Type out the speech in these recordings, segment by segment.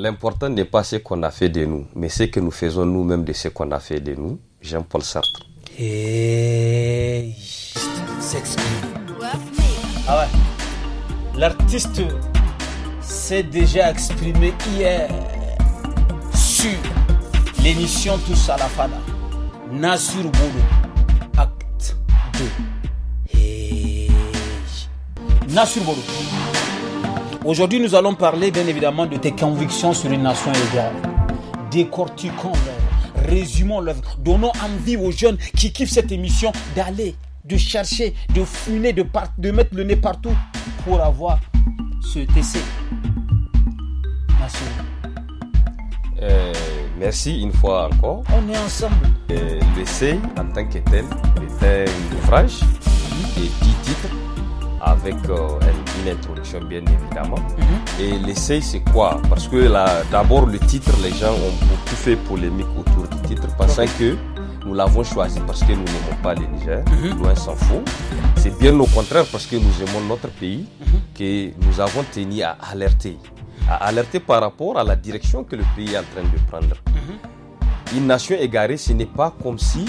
L'important n'est pas ce qu'on a fait de nous, mais ce que nous faisons nous-mêmes de ce qu'on a fait de nous. Jean-Paul Sartre. Ah ouais. L'artiste s'est déjà exprimé hier sur l'émission Tous à la Fada. Nasur Boulou, acte 2. Hey. Nasur Boulou. Aujourd'hui, nous allons parler bien évidemment de tes convictions sur une nation égale. Décortiquons l'œuvre, résumons l'œuvre, donnons envie aux jeunes qui kiffent cette émission d'aller, de chercher, de fumer, de, mettre le nez partout pour avoir ce TC euh, merci une fois encore. On est ensemble. Euh, L'essai en tant que tel était un ouvrage de titres avec euh, une introduction bien évidemment. Mhm. Et l'essai c'est quoi Parce que d'abord le titre, les gens ont beaucoup fait polémique autour du titre, pensant que nous l'avons choisi parce que nous n'aimons pas le Niger, mhm. loin s'en faut. C'est bien au contraire parce que nous aimons notre pays mhm. que nous avons tenu à alerter. À alerter par rapport à la direction que le pays est en train de prendre. Une nation égarée, ce n'est pas comme si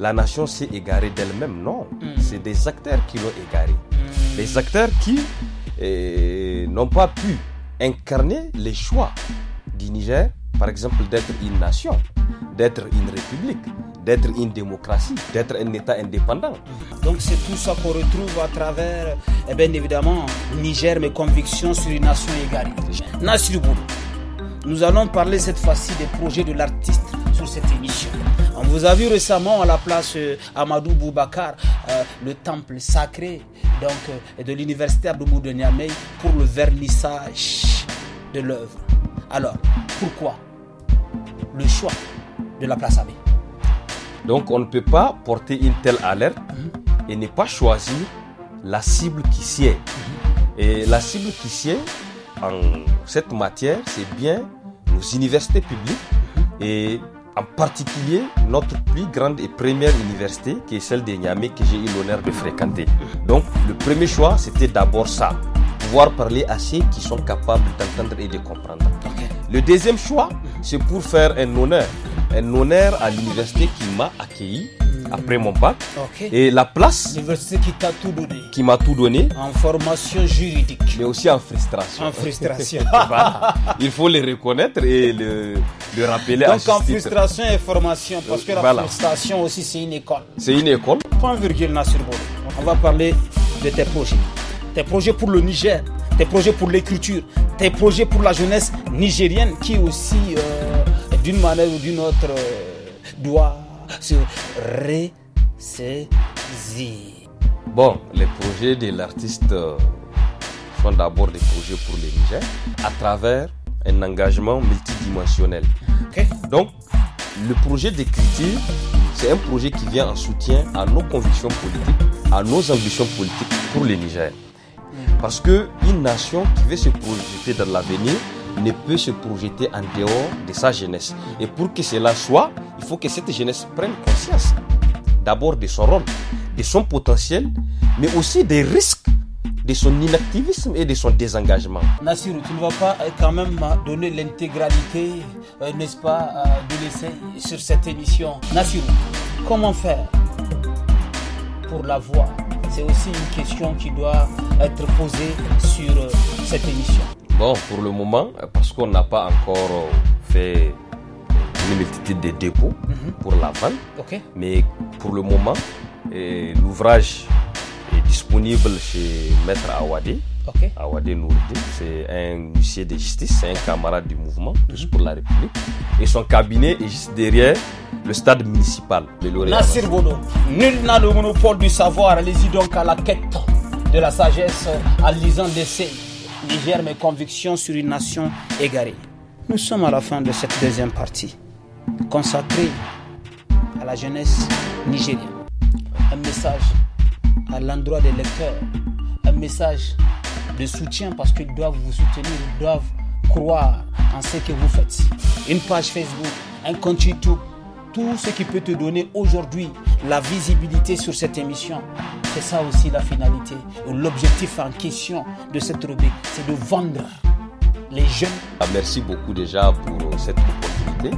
la nation s'est égarée d'elle-même, non. C'est des acteurs qui l'ont égarée les acteurs qui eh, n'ont pas pu incarner les choix du Niger, par exemple d'être une nation, d'être une république, d'être une démocratie, d'être un État indépendant. Donc c'est tout ça qu'on retrouve à travers, eh bien évidemment, Niger, mes convictions sur une nation égarée. Nassir nous allons parler cette fois-ci des projets de l'artiste sur cette émission. On vous a vu récemment à la place euh, Amadou Boubacar, euh, le temple sacré et euh, de l'Université Abdoubou de Niamey pour le vernissage de l'œuvre. Alors, pourquoi le choix de la place AB Donc, on ne peut pas porter une telle alerte mhm. et ne pas choisir la cible qui sied. Mhm. Et la cible qui sied en cette matière, c'est bien nos universités publiques mhm. et en particulier, notre plus grande et première université, qui est celle de Niamey, que j'ai eu l'honneur de fréquenter. Donc, le premier choix, c'était d'abord ça. Pouvoir parler à ceux qui sont capables d'entendre et de comprendre. Le deuxième choix, c'est pour faire un honneur. Un honneur à l'université qui m'a accueilli après mon bac. Et la place. L'université qui t'a tout donné. Qui m'a tout donné. En formation juridique. Mais aussi en frustration. En frustration. Il faut les reconnaître et le, le rappeler Donc à Donc en frustration et formation, parce que la frustration aussi c'est une école. C'est une école. Point virgule On va parler de tes projets. Tes projets pour le Niger, tes projets pour l'écriture, tes projets pour la jeunesse nigérienne qui aussi, euh, d'une manière ou d'une autre, euh, doit se ressaisir. Bon, les projets de l'artiste sont euh, d'abord des projets pour les Niger à travers un engagement multidimensionnel. Donc, le projet d'écriture, c'est un projet qui vient en soutien à nos convictions politiques, à nos ambitions politiques pour le Niger. Mm. Parce qu'une nation qui veut se projeter dans l'avenir, ne peut se projeter en dehors de sa jeunesse. Et pour que cela soit, il faut que cette jeunesse prenne conscience d'abord de son rôle, de son potentiel, mais aussi des risques de son inactivisme et de son désengagement. Nassir, tu ne vas pas euh, quand même euh, donner l'intégralité, euh, n'est-ce pas, de l'essai sur cette émission. Nassir, comment faire pour la voir C'est aussi une question qui doit être posée sur cette émission. Bon, pour le moment, parce qu'on n'a pas encore fait une multitude de dépôts mhm. pour la vente, mais pour le moment, eh, l'ouvrage est disponible chez Maître Awadé. Awadé c'est un huissier de justice, c'est un camarade du mouvement, juste mhm. pour la République. Et son cabinet est juste derrière le stade municipal de L'Oréal. Nassir Bodo, nul n'a le monopole du savoir, allez-y donc à la quête de la sagesse en lisant des séries. Niger, mes convictions sur une nation égarée. Nous sommes à la fin de cette deuxième partie, consacrée à la jeunesse nigérienne. Un message à l'endroit des lecteurs, un message de soutien parce qu'ils doivent vous soutenir, ils doivent croire en ce que vous faites. Une page Facebook, un compte YouTube, tout ce qui peut te donner aujourd'hui la visibilité sur cette émission, c'est ça aussi la finalité. L'objectif en question de cette rubrique, c'est de vendre les jeunes. Ah, merci beaucoup déjà pour cette opportunité.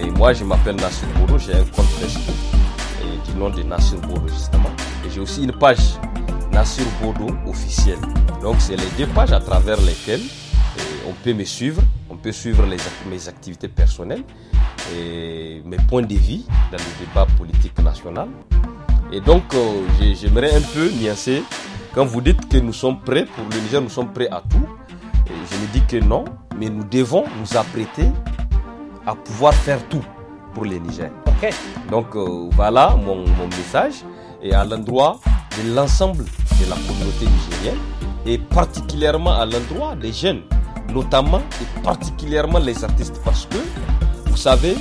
Et moi, je m'appelle Nassir Bodo, j'ai un compte Facebook du nom de Nassir Bourou justement. Et j'ai aussi une page Nassir Bodo officielle. Donc, c'est les deux pages à travers lesquelles eh, on peut me suivre, on peut suivre mes activités personnelles et mes points de vie dans le débat politique national. Et donc, euh, j'aimerais un peu nuancer. Quand vous dites que nous sommes prêts, pour le Niger, nous sommes prêts à tout. je me dis que non, mais nous devons nous apprêter à pouvoir faire tout pour le Niger. Donc euh, voilà mon, message et à l'endroit de l'ensemble de la communauté nigérienne et particulièrement à l'endroit des jeunes, notamment et particulièrement les artistes parce que vous savez,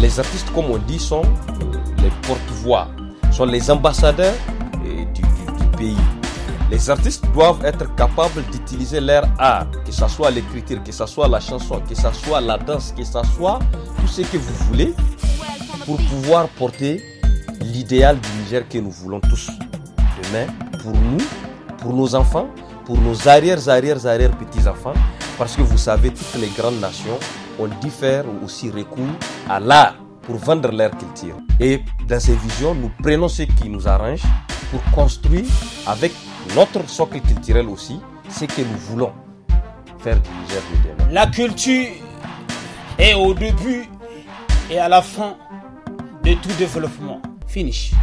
les artistes comme on dit sont euh, les porte-voix sont les ambassadeurs du, du, pays. Les artistes doivent être capables d'utiliser leur art, que ce soit l'écriture, que ce soit la chanson, que ce soit la danse, que ce soit tout ce que vous voulez, pour pouvoir porter l'idéal du Niger que nous voulons tous demain, pour nous, pour nos enfants, pour nos arrières, arrières, arrières petits-enfants, parce que vous savez, toutes les grandes nations, ont diffère ou aussi recours à l'art pour vendre leur culture. Et dans ces visions, nous prenons ce qui nous arrange pour construire avec notre socle culturel aussi ce que nous voulons faire du Niger de demain. La culture est au début et à la fin de tout développement. Finish.